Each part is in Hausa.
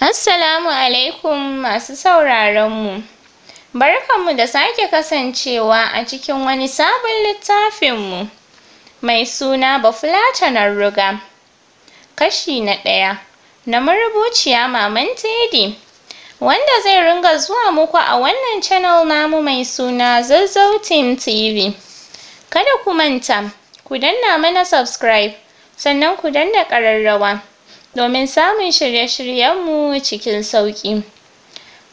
Assalamu alaikum masu sauraron mu. Barkanmu da sake kasancewa a cikin wani sabon littafin mu mai suna Bafulatanar Ruga. Kashi na ɗaya na marubuciya Maman Teddy wanda zai ringa zuwa muku a wannan channel namu mai suna zazzautin Team TV. Kada ku manta ku danna mana subscribe sannan ku danna ƙararrawa. domin samun shirye-shiryenmu cikin sauƙi.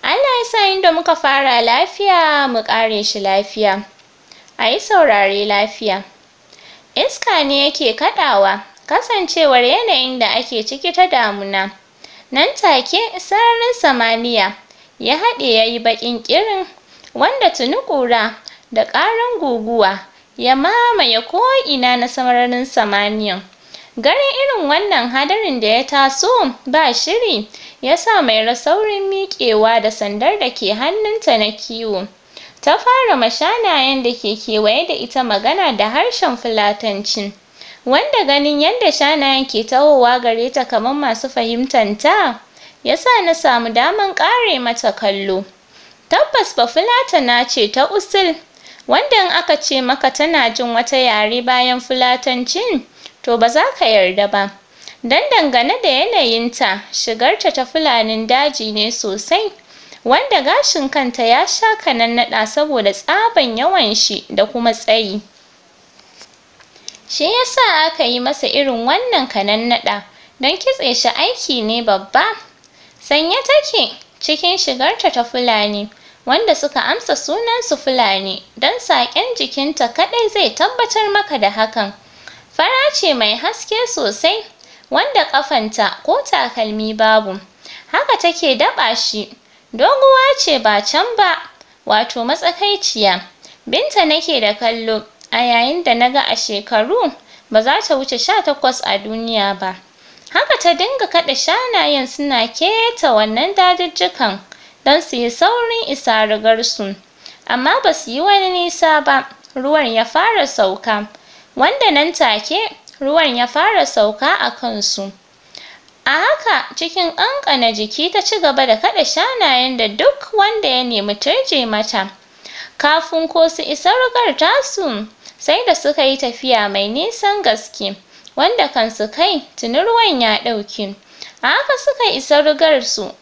Allah ya sa inda muka fara lafiya mu ƙare shi lafiya. A yi saurare lafiya. Iska ne yake kaɗawa, kasancewar yanayin da ake ciki ta damuna. Nan take sararin samaniya ya haɗe ya yi baƙin ƙirin wanda tuni ƙura da ƙaran guguwa ya mamaye ko'ina na sararin samaniyan. Ganin irin wannan hadarin da ya taso ba shiri ya sa Mairo saurin miƙewa da sandar da ke hannunta na kiwo. Ta fara ma shanayen da ke kewaye da ita magana da harshen Fulatanci, wanda ganin yadda shanayen ke tahowa gare ta kamar masu fahimtanta ya sa na samu daman ƙare mata kallo. Tabbas Bafulatana ce ta usul, wanda in aka ce maka tana jin wata yare bayan Fulatancin to ba za ka yarda ba don dangane da yanayinta shigarta ta fulanin daji ne sosai wanda gashin kanta ya sha kanannaɗa saboda tsaban yawan shi da kuma tsayi shi yasa aka yi masa irin wannan kanannaɗa don kitse shi aiki ne babba sanye take cikin shigarta ta fulani wanda suka amsa sunansu fulani don saƙen jikinta kaɗai zai tabbatar maka da hakan fara ce mai haske sosai wanda ƙafanta ko takalmi babu haka take daɓa shi doguwa ce ba can ba wato matsakaiciya Binta nake da kallo a yayin da naga a shekaru ba za ta wuce sha takwas a duniya ba haka ta dinga kaɗa shanayen suna keta wannan dajijjikan don su yi saurin isa rigarsu amma ba yi wani nisa ba ruwan ya fara sauka wanda nan take ruwan ya fara sauka a kansu a haka cikin ƙanƙana jiki ta ci gaba da kaɗa shanayen da duk wanda ya nemi turje mata kafin ko su isa rugar tasu sai da suka yi tafiya mai nisan gaske wanda kan su kai tuni ruwan ya ɗauki a haka suka isa rugar su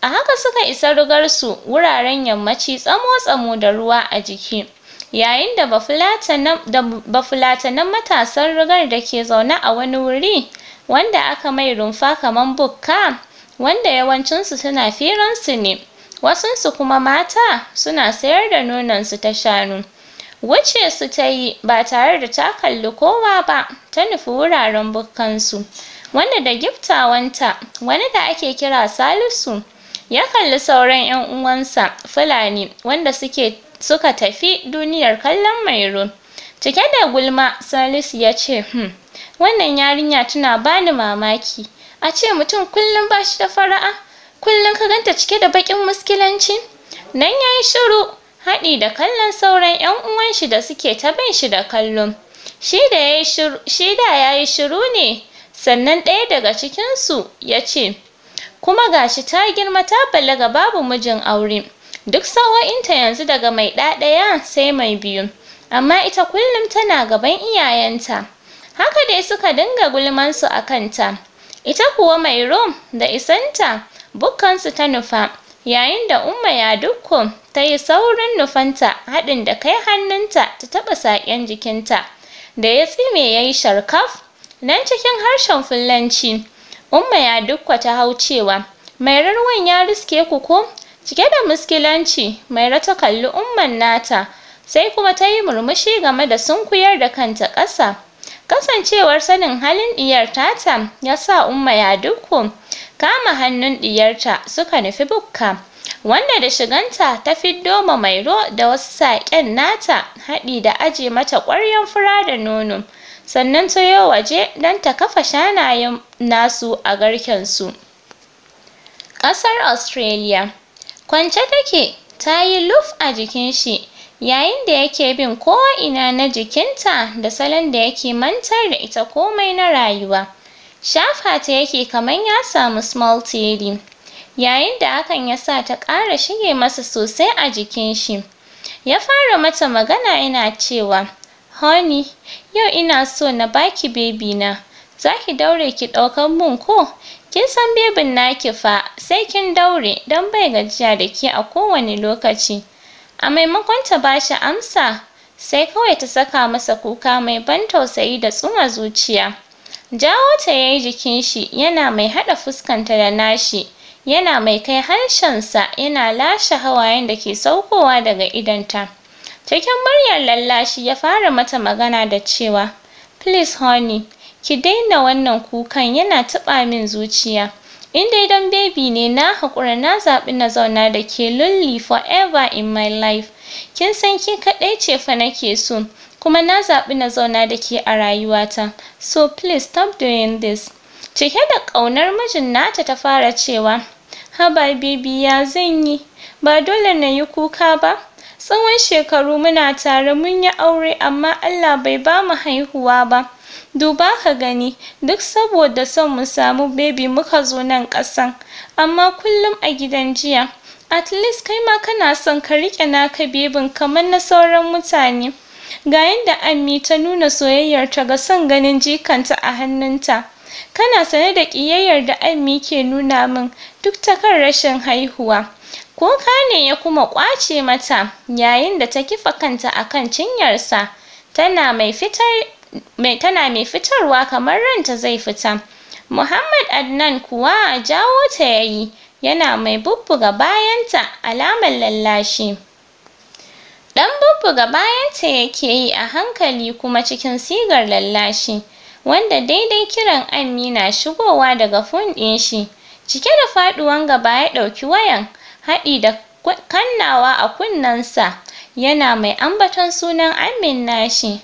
a haka suka isa rigar su wuraren yammaci tsamo-tsamo da ruwa a jiki yayin da bafulatanen matasan rigar da ke zaune a wani wuri wanda aka mai rumfa kaman bukka wanda yawancinsu suna firansu ne wasunsu kuma mata suna sayar da nononsu ta shanu wuce su ta yi ba tare da ta kalli kowa ba ta nufi wuraren bukkansu wanda da giftawanta wani da ake kira Salisu ya kalli sauran 'yan uwansa Fulani wanda suke suka tafi duniyar kallon mairo cike da gulma salisu ya ce hmm wannan yarinya tana bani mamaki a ce mutum kullum ba shi da fara'a kullum ka ganta cike da baƙin muskilanci nan ya yi shiru haɗi da kallon sauran 'yan uwan shi da suke ta bin shi da kallo shi da ya yi shiru ne sannan ɗaya daga cikinsu ya ce kuma gashi ta girma ta balaga babu mijin aure duk sawa'inta yanzu daga mai ɗaɗaya, sai mai biyu amma ita kullum tana gaban iyayenta haka dai suka dinga gulmansu a kanta ita kuwa mai rom da isanta bukkansu ta nufa yayin da umma ya dukko ta yi saurin nufanta haɗin da kai hannunta ta taɓa saƙen jikinta da ya tsime ya yi sharkaf nan cikin harshen Fulanci, Umma ya dukko ta hau cewa, mai ruwan ya riske ku ko? Cike da muskilanci, Mairo ta kalli umman nata, sai kuma ta yi murmushi game da sunkuyar da kanta ƙasa. Kasancewar sanin halin ɗiyar tata ya sa Umma ya duku kama hannun ɗiyarta suka nufi bukka, wanda da shiganta ta fiddo ma Mairo da wasu saƙen nata haɗi da aje mata ƙwaryan fura da nono, sannan ta yo waje don ta kafa shanayen nasu a garkensu. Ƙasar Australia Kwance take ta yi luf a jikin shi yayin da yake bin ina na jikinta da salon da yake mantar da ita komai na rayuwa. Shafa ta yake kaman ya samu small tiri. yayin da hakan ya sa ta ƙara shige masa sosai a jikin shi. Ya fara mata magana yana cewa honey yau ina so na baki baby na za ki daure ki ɗaukan mun ko? Kin san bebin naki fa sai kin daure don bai gajiya da ke a kowane lokaci. A maimakon ta ba shi amsa sai kawai ta saka masa kuka mai ban tausayi da tsuma zuciya. Jawo ta ya yi jikin shi yana mai haɗa fuskanta da nashi, yana mai kai harshensa yana lashe hawayen da ke saukowa daga idonta. Cikin muryar lallashi ya fara mata magana da cewa, Please honey, ki daina wannan kukan yana taɓa min zuciya in dai don baby ne na haƙura na zaɓi na zauna da ke lonely forever in my life kin san ke kaɗai ce fa nake so kuma na zaɓi na zauna da ke a rayuwata so please stop doing this cike da ƙaunar mijin nata ta fara cewa haba baby ya zan yi ba dole na yi kuka ba tsawon shekaru muna tare mun yi aure amma Allah bai bamu haihuwa ba duba ka gani duk saboda son mu samu baby muka zo nan ƙasan amma kullum a gidan jiya at least kai ma kana son ka riƙe naka bebin kamar na sauran mutane ga yadda Ammi ta nuna soyayyar ta ga son ganin jikanta a hannunta kana sane da ƙiyayyar da Ammi ke nuna min duk ta kan rashin haihuwa kuka ne ya kuma ƙwace mata yayin da ta kifa kanta a kan cinyarsa tana mai fitar mai tana mai fitarwa kamar ranta zai fita Muhammad Adnan kuwa a jawo ta yayi yana mai bubbuga bayanta alamar lallashi ɗan bubbuga bayanta yake yi a hankali kuma cikin sigar lallashi wanda daidai kiran Amina shigowa daga fon ɗin shi cike da faɗuwan gaba ya ɗauki wayan haɗi da kannawa a kunnensa yana mai ambaton sunan Amin nashi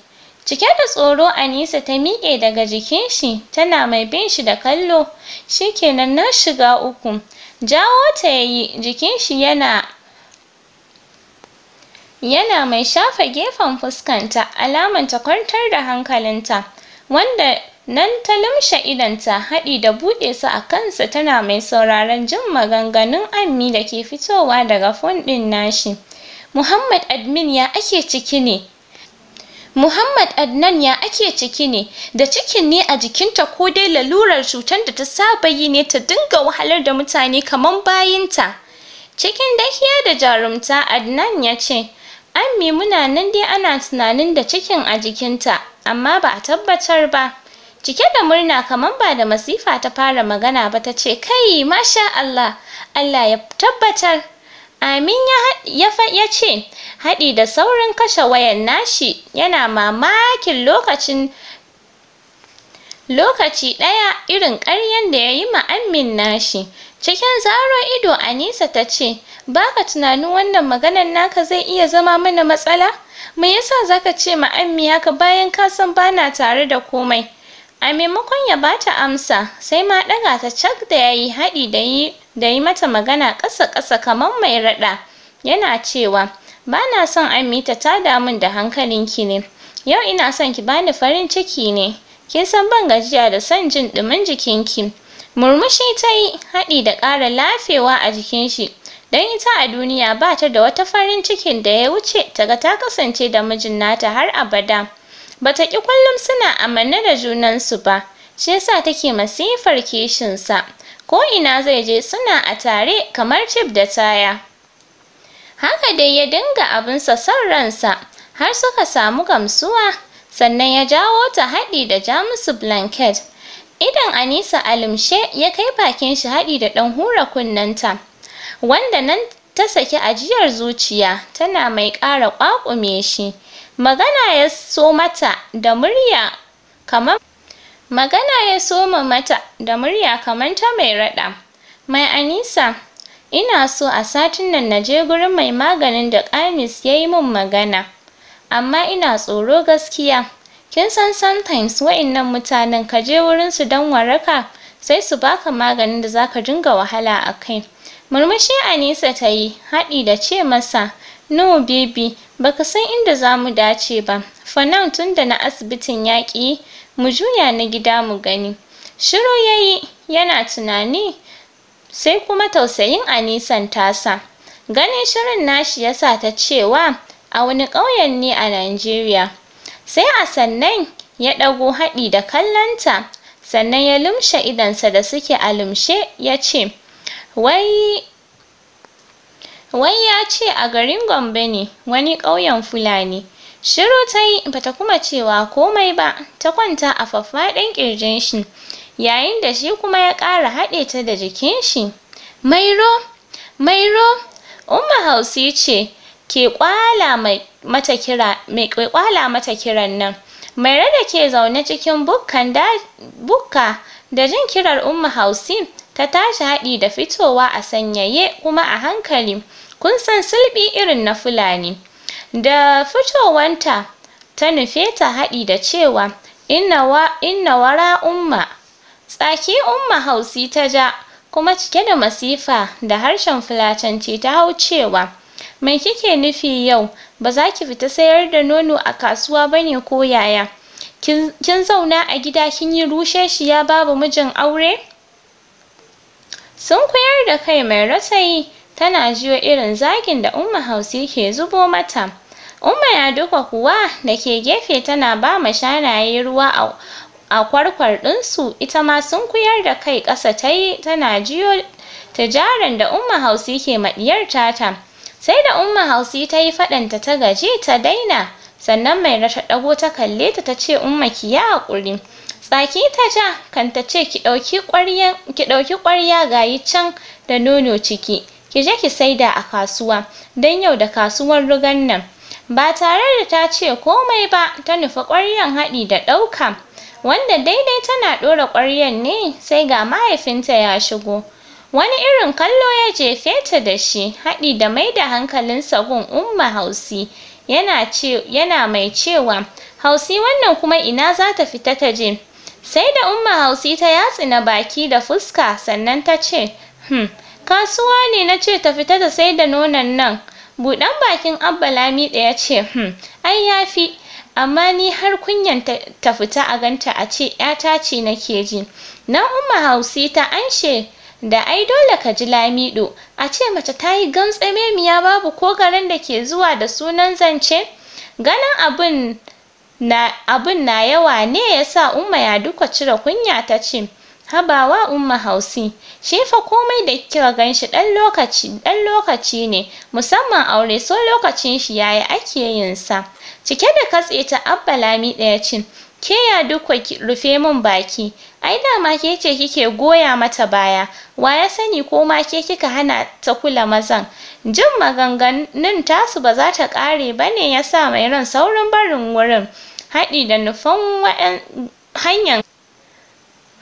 Cike da tsoro Anisa ta miƙe daga jikin shi tana mai bin shi da kallo shikenan na shiga uku jawo ta yayi jikin shi yana yana mai shafa gefen fuskanta alaman ta kwantar da hankalinta wanda nan ta lumshe idonta haɗi da buɗe su a kansa tana mai sauraron jin maganganun ammi da ke fitowa daga fon ɗin nashi Muhammad admin ya ake ciki ne Muhammad Adnan ya ake ciki ne da cikin ne a jikinta ko dai lalurar cutar da ta saba yi ne ta dinga wahalar da mutane kaman bayinta cikin dahiya da jarumta Adnan ya ce Ammi muna nan dai ana tunanin da cikin a jikinta amma ba a tabbatar ba cike da murna kamar ba da masifa ta fara magana ba ta ce kai masha Allah Allah ya tabbatar Amin ya ce, haɗi da saurin kashe wayan nashi yana mamakin lokacin lokaci ɗaya irin ƙaryan da ya yi ma Amin nashi. Cikin zaro ido Anisa ta ce, ba ka tunanin wannan maganan naka zai iya zama mana matsala? Me yasa za ka ce ma Ammi haka bayan ka san ba na tare da komai? A maimakon ya bata amsa, sai ma ɗaga ta cak da ya yi haɗi da yi da yi mata magana ƙasa-ƙasa kamar mai raɗa yana cewa ba na son Amita ta damun da hankalinki ne yau ina son ki bani farin ciki ne kin san ban gajiya da son jin ɗumin jikinki murmushi ta yi haɗi da ƙara lafewa a jikin shi don ita a duniya ba ta da wata farin cikin da ya wuce ta ga ta kasance da mijin nata har abada ba ta ƙi kullum suna amanne da junansu ba shi yasa take masifar kishinsa ko ina zai je suna a tare kamar cif da taya haka dai ya dinga abinsa son ransa har suka samu gamsuwa sannan ya jawo ta haɗi da jamusu blanket idan anisa alimshe ya kai bakin shi haɗi da ɗan hura kunnenta wanda nan ta saki ajiyar zuciya tana mai ƙara ƙwaƙume shi magana ya so mata da murya kamar Magana ya soma mata da murya kamar ta mai raɗa. Mai Anisa, ina so a satin nan na je gurin mai maganin da ƙamis yayi yi min magana, amma ina tsoro gaskiya. Kin san sometimes wa'innan mutanen ka je wurin su don waraka, sai su baka maganin da za ka dinga wahala a kai. Murmushi Anisa ta yi, haɗi da ce masa, no baby baka san inda zamu dace ba for now tunda na asibitin ya mu juya na gida mu gani shiru yayi yana tunani sai kuma tausayin Anisan tasa ganin shirin nashi yasa ta cewa a wani ƙauyen ne a Najeriya sai a sannan ya ɗago haɗi da kallonta sannan ya lumshe idonsa da suke a lumshe ya ce wai wai ya ce a garin Gombe ne wani ƙauyen Fulani. Shiru ta yi bata kuma cewa komai ba ta kwanta a faffaɗin ƙirjin shi yayin da shi kuma ya ƙara haɗe ta da jikin shi. Mairo, Mairo, Umma Hausi ce ke ƙwala mata kiran nan. Mairo da ke zaune cikin bukka da jin kirar Umma Hausi ta tashi haɗi da fitowa a sanyaye kuma a hankali kun san sulɓi irin na Fulani da fitowanta ta nufe ta haɗi da cewa inna wara umma tsaki umma hausi ta ja kuma cike da masifa da harshen fulatanci ta hau cewa mai kike nufi yau ba za ki fita sayar da nono a kasuwa bane ko yaya kin zauna a gida kin yi rushe rusheshiya babu mijin aure sun koyar da kai mai rasayi tana jiyo irin zagin da umma hausi ke zubo mata umma ya duka kuwa da ke gefe tana ba ma shanaye ruwa a a kwarkwar ɗinsu ita ma sun koyar da kai ƙasa ta yi tana jiyo tijaran da umma hausi ke maɗiyar tata sai da umma hausi ta yi faɗanta ta gaji ta daina sannan mai ta ɗago ta kalle ta ta ce umma ki yi haƙuri tsaki ta ja kan ta ce ki ɗauki ƙwarya ki ɗauki ƙwarya gayi can da nono ciki ki je ki saida a kasuwa don yau da kasuwar rugan nan ba tare da ta ce komai ba ta nufi ƙwaryan haɗi da ɗauka wanda daidai tana ɗora ƙwaryan ne sai ga mahaifinta ya shigo wani irin kallo ya jefe ta da shi haɗi da mai da hankalinsa gun umma hausi yana yana mai cewa hausi wannan kuma ina za ta fita ta je Sai da Umma Hausi ta yatsina baki da fuska sannan ta ce, "Hmm, kasuwa ne na ce ta fita da sai da nonon nan." Buɗan bakin Abba Lamiɗa ya ce, "Hmm, ai ya fi." Amma ni har kunyan ta fita a ganta a ce ‘yata ce nake ji. Nan Umma Hausi ta anshe da ai dole ka ji Lamiɗo, a ce mace ta yi memiya babu ko garin da ke zuwa da sunan zance. Ganin abin Na abun na yawa ne yasa Umma ya duka cire kunya ta ce habawa Umma Hausi shi fa komai da kika ganshi dan lokaci dan lokaci ne musamman aure so lokacin shi yayi ake yin sa cike da katse ta Abba daya ci. Ke ya dukwa rufe min baki, ai dama ke ce kike goya mata baya, wa ya sani ko ma ke kika hana ta kula mazan. Jin maganganun tasu ba za ta kare ba ne ya sa mai ran saurin barin wurin, haɗi da nufan wa'yan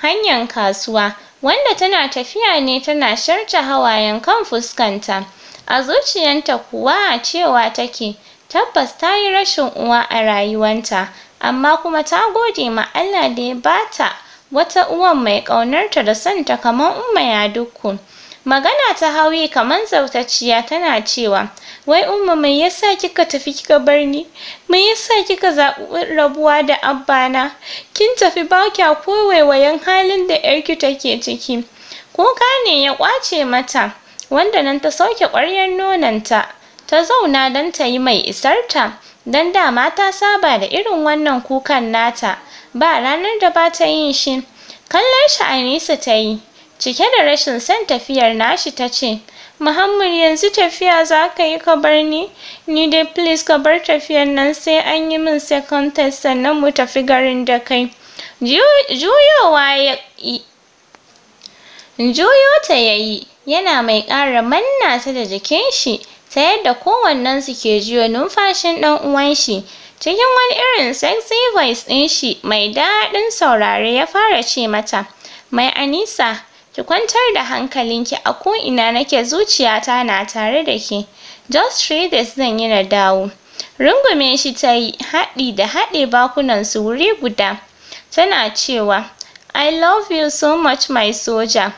hanyan kasuwa, wanda tana tafiya ne tana sharce hawayen kan fuskanta. A zuciyanta kuwa cewa take tabbas ta yi rashin uwa a rayuwanta amma kuma ta gode ma Allah da ya bata wata uwan mai ƙaunarta da sonta kamar Umma dukku. magana ta hauyi kamar zautacciya tana cewa wai Umma me yasa kika tafi kika bar ni me yasa kika zaɓi rabuwa da abbana kin tafi ba kya ko waiwayen halin da 'yarki take ciki kuka ne ya kwace mata wanda nan ta sauke ƙwaryar nononta ta zauna don ta yi mai isarta don dama ta saba da irin wannan kukan nata ba ranar da ba ta yin shi kallon shi Anisa ta yi cike da rashin son tafiyar nashi ta ce Muhammad yanzu tafiya za ka yi ka bar ni ni dai please ka bar tafiyar nan sai an yi min second test sannan mu tafi garin da kai juyowa ya juyo ta yayi yana mai ƙara manna ta da jikin shi ta yadda kowannensu ke jiyo numfashin ɗan uwanshi cikin wani irin sexy voice ɗin shi mai daɗin saurare ya fara ce mata mai Anisa ki kwantar da hankalinki a ko'ina nake zuciyata na tare da ke just three days zan yi na dawo rungume shi ta yi haɗi da haɗe bakunansu wuri guda tana cewa I love you so much my soldier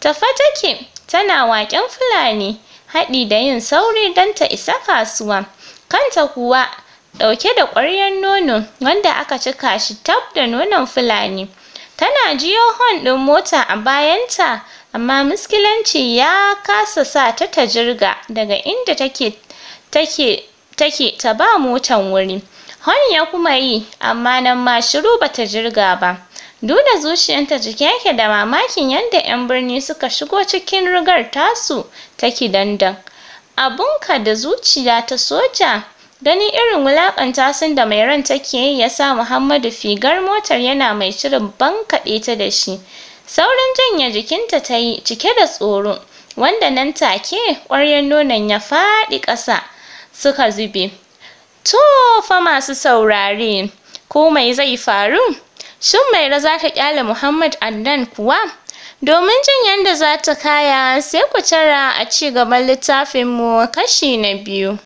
tafa take tana waƙen Fulani haɗi da yin sauri don ta isa kasuwa kanta kuwa ɗauke da ƙwaryar nono wanda aka cika shi tab da nonon fulani tana jiyo hon ɗin mota a bayanta amma muskilanci ya kasa sa ta ta jirga daga inda take take take ta ba motan wuri hon ya kuma yi amma nan ma shiru bata jirga ba Duda zuciyarta jike yake da mamakin yadda 'yan birni suka shigo cikin rigar tasu ta abun ka da zuciya ta soja, ganin irin wulaƙanta sun da mai ran take yi ya sa Muhammadu figar motar yana mai shirin bankaɗe ta da shi. Saurin janye jikinta ta yi cike da tsoro, wanda nan take ƙwaryar nonon ya faɗi ƙasa suka zube. To fa masu saurare, ko mai zai faru? Shin maira za ta kyale Muhammad Andan kuwa? Domin jin yadda za ta kaya sai ku tara a ci gaban littafinmu kashi na biyu.